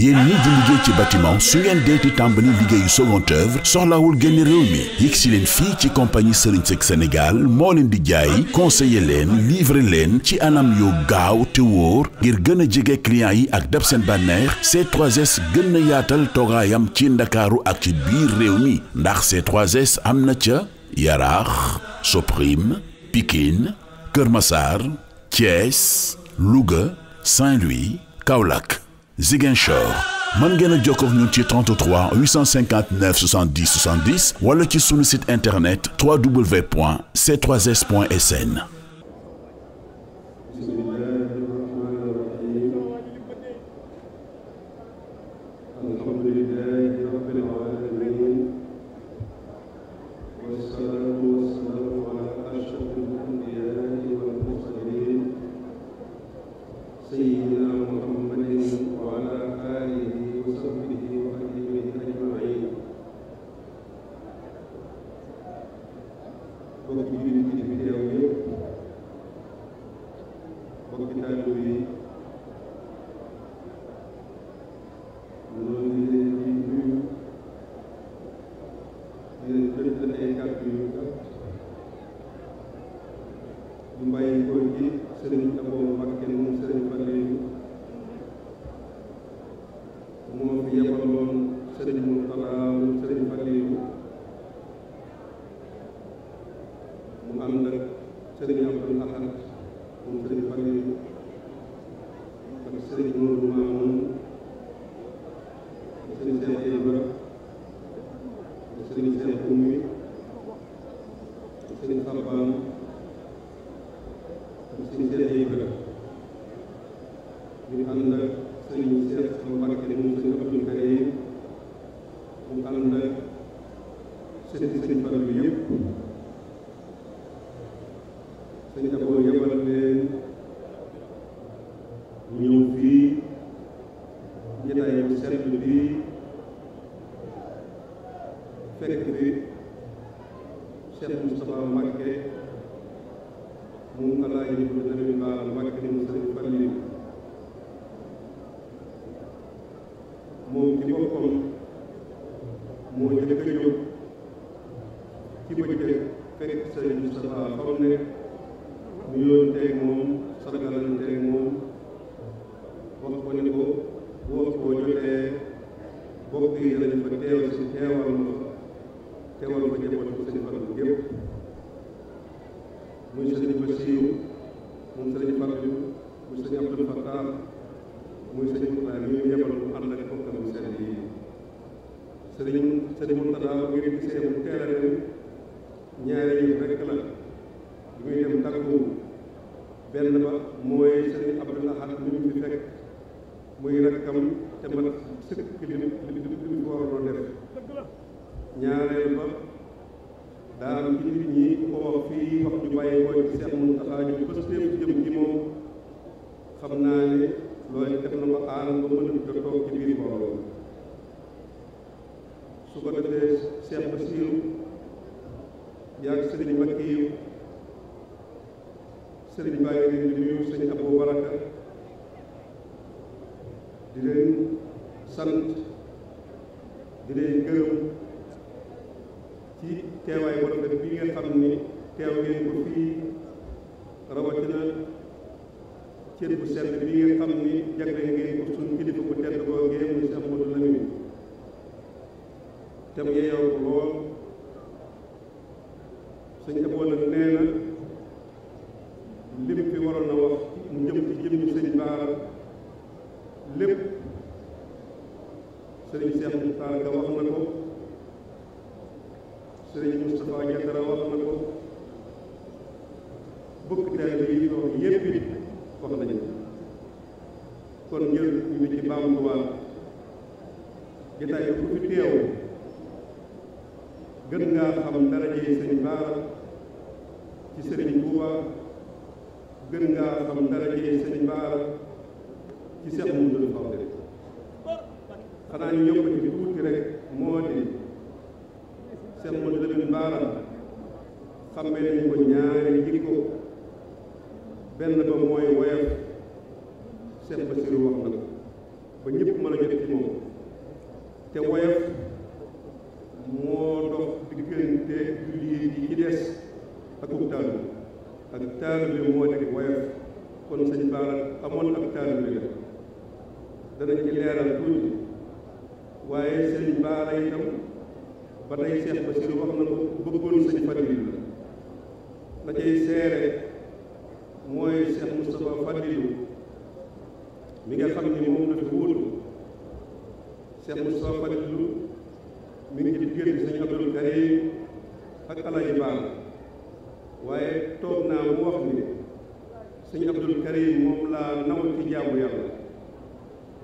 yéen ñii di liggéey ci bâtiment su ngeen deeti tàmbali liggéeyu second œuvre soxlawul génn réew mi yegg si leen fii ci compagnie Serigne Seck Sénégal moo leen di jaay conseiller leen livrer leen ci anam yoo gaaw te wóor ngir gën a jege client yi ak dab seen bànneex c 3 gën a yaatal toogaayam ci ndakaaru ak ci biir réew mi ndax c 3 am na ca Yaraax Soprim Pikine Kër Massar Thiès Louga Saint-Louis Kaolack Ziguinchor mën ngeen a jokkoo ak ñun ci 33 859 70 70 wala ci sunu site internet www.c3s.sn sëriñ Abdul Ahad moom sëriñ Faliilu ak sëriñ Moodu Maamun ak sëriñ Seex Ibra ak sëriñ Seex Ummi ak sëriñ Xabaan ak sëriñ Seex Ibra ñu ànd ak sëriñ Seex Mbakke moom sëriñ Abdul Karim ñu ànd ak sëriñ sëriñ Faliilu yëpp Moustapha Mbacke moom Alaaji Ibnu Sëriñ Baara Mbacke moom Sëriñ Fallilu moom ci boppam moo jëkk a jóg ci bëccëg fekk Sëriñ Moustapha xam ne mu yoon moom Basiiru moom sëriñ Faliilu mu sëriñ Abdul Fattaah muy sëriñ Murtadaa mi ñu yebal mu ànd ak bokkam seen yi sëriñ sëriñ Murtadaa ngir gisee mu teel a dem ñaari rekk la bi muy dem tàggu benn ba mooy sëriñ Abdul Ahad mi ñu fekk muy rakkam te mat sëkk li li li waroon a def ñaareel ba daanam ci nit ñi ko wax fii wax ju bàyyi mooy ci Seex Muntaxaa ju pëstéef jëm ci moom xam naa ne loolu def na ma aar ba mënut a toog ci biir mbooloo su ko defee Seex Basiiru yaa ngi sëriñ Mbàkke yi sëriñ baa ngi di nuyu sëriñ Abu Baraka di leen sant di leen gërëm ci teewaay bu rafet bi ngeen xam ni teew ngeen ko fii rawatina cër bu sell bi ngeen xam ni jagle ngeen ko suñ kilifa bu tedd boo ngeen mu si Amadou Lamine te mu yeewu lool sëñ Abou nag nee na lim fi waroon a wax mu jëm ci jëm ñu sëñ Baara lépp sëriñ Cheikh Moussa nga wax na ko sëriñ Moustapha Diatara wax na ko bokk taalibe yi toog yépp it wax nañu kon njël ñu ci bamtuwaat jotaay ku fi teew gën ngaa xam darajey sëriñ Baara ci sëriñ Touba gën ngaa xam darajey sëriñ Baara ci Seex Mouhamadou Fadel xamme nañ ko ñaari jikko benn ba mooy woyof wax na ba ñëpp mën a jot ci moom te woyof moo dox diggante julli yi ci des ak taalu ak taalu bi moo nekk woyof kon sëñ Bara amoon ak taalu bi la danañ ci leeral tuuti waaye sëñ Bara itam ba tey Seex Basiru wax na ko bëggoon sëñ Fadilu la la cay seere mooy Cheikh Moustapha Fadilou mi nga xam ni moom la fi wóolu Cheikh Moustapha Fadilou mi ngi ci diggante Sëñ Abdul Karim ak Alaaji Baal waaye toog naa mu wax ni Sëñ Abdul Karim moom laa naw ci jaamu yàlla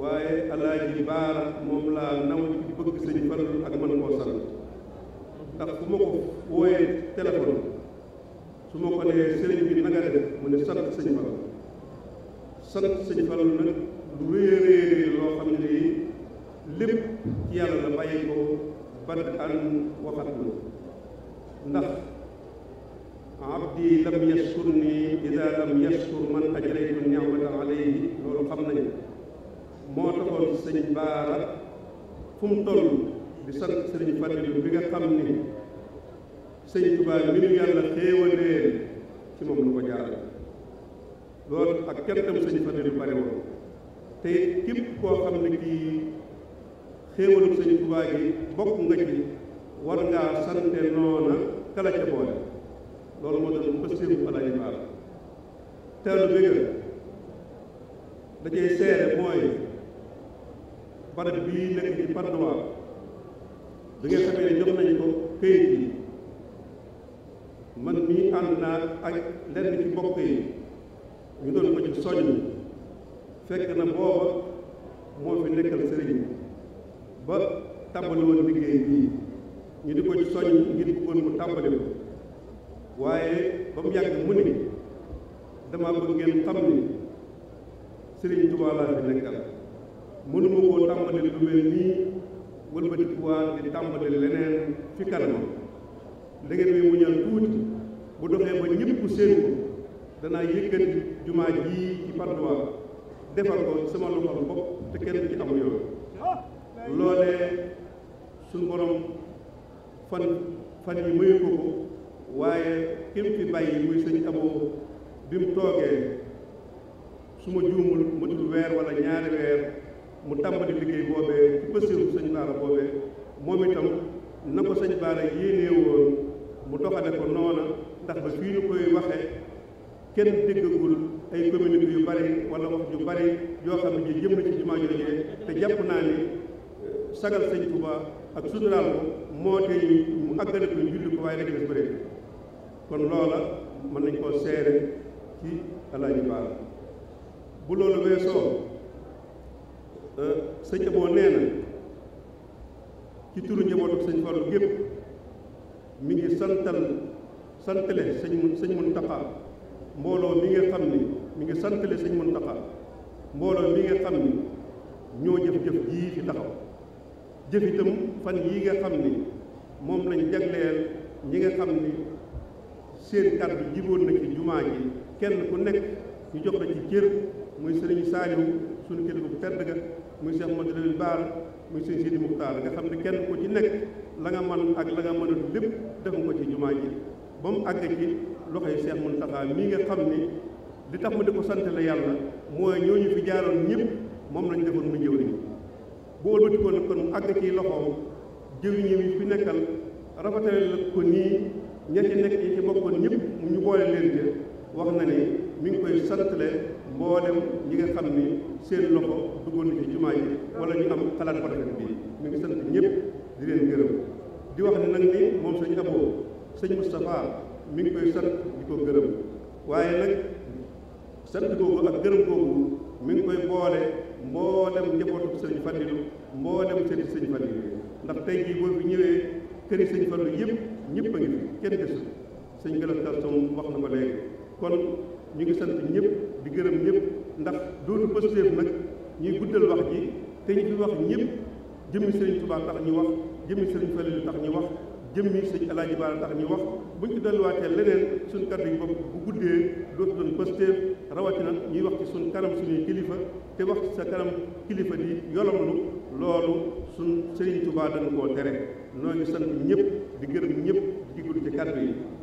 waaye Alaaji Baal moom laa naw ci bëgg Sëñ Fallu ak mën koo sant ndax bu ma ko wooyee téléphone su ma ko nee sëriñ bi na nga def mu ne sant sëñ Fallu sant sëñ Fallu nag lu rëy rëy loo xam ne lépp ci yàlla la bàyyi ko bad an waxatlu ndax abdi lam yaskur ni ida lam yaskur man ajraytu niamata alayhi loolu xam nañu moo taxoon sëñ Baara fu mu toll di sant sëriñ Falilu bi nga xam ni sëñ Tuubaa mi nu yàlla xéewaleen ci moom lu ko jaarale loolu ak cantam sëñ Faliilu bari woon te képp koo xam ne kii xéewalu sëñ Tuubaa gi bokk nga ci war ngaa sante noona kala boole loolu moo doon pëstéefu Alaaji Baal teelu bëgg da cay seere mooy barab bii nekk ci Patte d'Oie da xamee ne jox nañ ko këyit yi man mii ànd naa ak lenn ci mbokk yi ñu doon ko ci soññ fekk na booba moo fi nekkal sëriñ ba tàmbali woon liggéey bii ñu di ko ci soññ ngir bëggoon mu tàmbali ko waaye ba mu yàgg mu ni dama bëgg xam ni sëriñ Tuubaa laa fi nekkal mënuma koo tàmbali lu mel nii wëlbatikuwaat di tàmbali leneen fi kanam da ngeen may tuuti bu doxee ba ñëpp séen ko danaa yëkkati jumaa jii ci Patte defar ko sama loxol bopp te kenn ci am yoon loolee suñu borom fan fan yi mayu ko ko waaye ki mu fi bàyyi muy sëñ amoo bi mu toogee su ma juumul matul weer wala ñaari weer mu tàmbali liggéey boobee ci pësiru sëñ Baara boobee moom itam na ko sëñ Baara yéenee woon mu doxale ko noona ndax ba fii ñu koy waxee kenn déggagul ay communiqué yu bari wala wax yu bari yoo xam ne ji jëm na ci jumaa joojee te jàpp naa ni euh, sagal sëñ Tuubaa ak suturaal ko moo te mu àggale ko ñu ko waaye rek des kon loola mën nañ koo seere ci alaaji baal bu loolu weesoo euh, sëñ Abo nee na ci turu njabootu sëñ gépp mi ngi santal santale sëñ sëñ Muntaxa mbooloo mi nga xam ni mi ngi santale sëñ Muntaxa mbooloo mi nga xam ni ñoo jëf-jëf jii fi taxaw jëf fan yii nga xam ni moom lañ jagleel ñi nga xam ni seen kàddu jiboon na ci jumaa ji kenn ku nekk ñu jox la ci cër muy sëriñ Saaliw suñu kilifa bu tedd ga muy Seex Mamadu Lamin Baar muy sëñ Sidi Muxtaar nga xam ne kenn ku ci nekk la nga man ak la nga mënul lépp def nga ko ci jumaa ji ba mu àgg ci yi Seex Muntaxa mii nga xam ni li tax ma di ko sant la yàlla mooy ñooñu fi jaaroon ñëpp moom lañ defoon mu jëwriñ bu wëlbatikoon kon mu àgg ci loxoom jëwriñam yi fi nekkal rafetale la ko nii ña ci nekk yi ci bokkoon mu ñu boole leen de wax na ni mi ngi koy santale mboolem ñi nga xam ni seen loxo duggoon na ci jumaa yi wala ñu am xalaat bu bi mi ngi sant ñëpp di leen gërëm di wax ne nag ni moom sañu aboo sëñ Moustapha mi ngi koy sant di ko gërëm waaye nag sant googu ak gërëm googu mi ngi koy boole mboolem njabootu sëñ Fallilou mboolem sëriñ sëñ Fallilou ndax tey jii boo bi ñëwee këri sëñ Fallou yëpp ñëpp a ngi fi kenn desul sëñ Gallas Kalsom wax na ko léegi kon ñu ngi sant ñëpp di gërëm ñëpp ndax dootu pëstéef nag ñuy guddal wax ji te ñu fi wax ñëpp jëmmi sëriñ Tuubaa tax ñu wax jëmmi sëriñ Fallilou ndax ñu wax jëmmi sëñ Alaaji Baara tax ñu wax buñ ci delluwaatee leneen suñ kaddu yi bopp bu guddee dootu doon pëstéef rawatina ñuy wax ci suñ kanam suñuy kilifa te wax ci sa kanam kilifa di yolomlu loolu suñ Sëriñ Tuubaa dañ koo tere noo ngi sant ñëpp di gërëm ñëpp di ci kaddu yi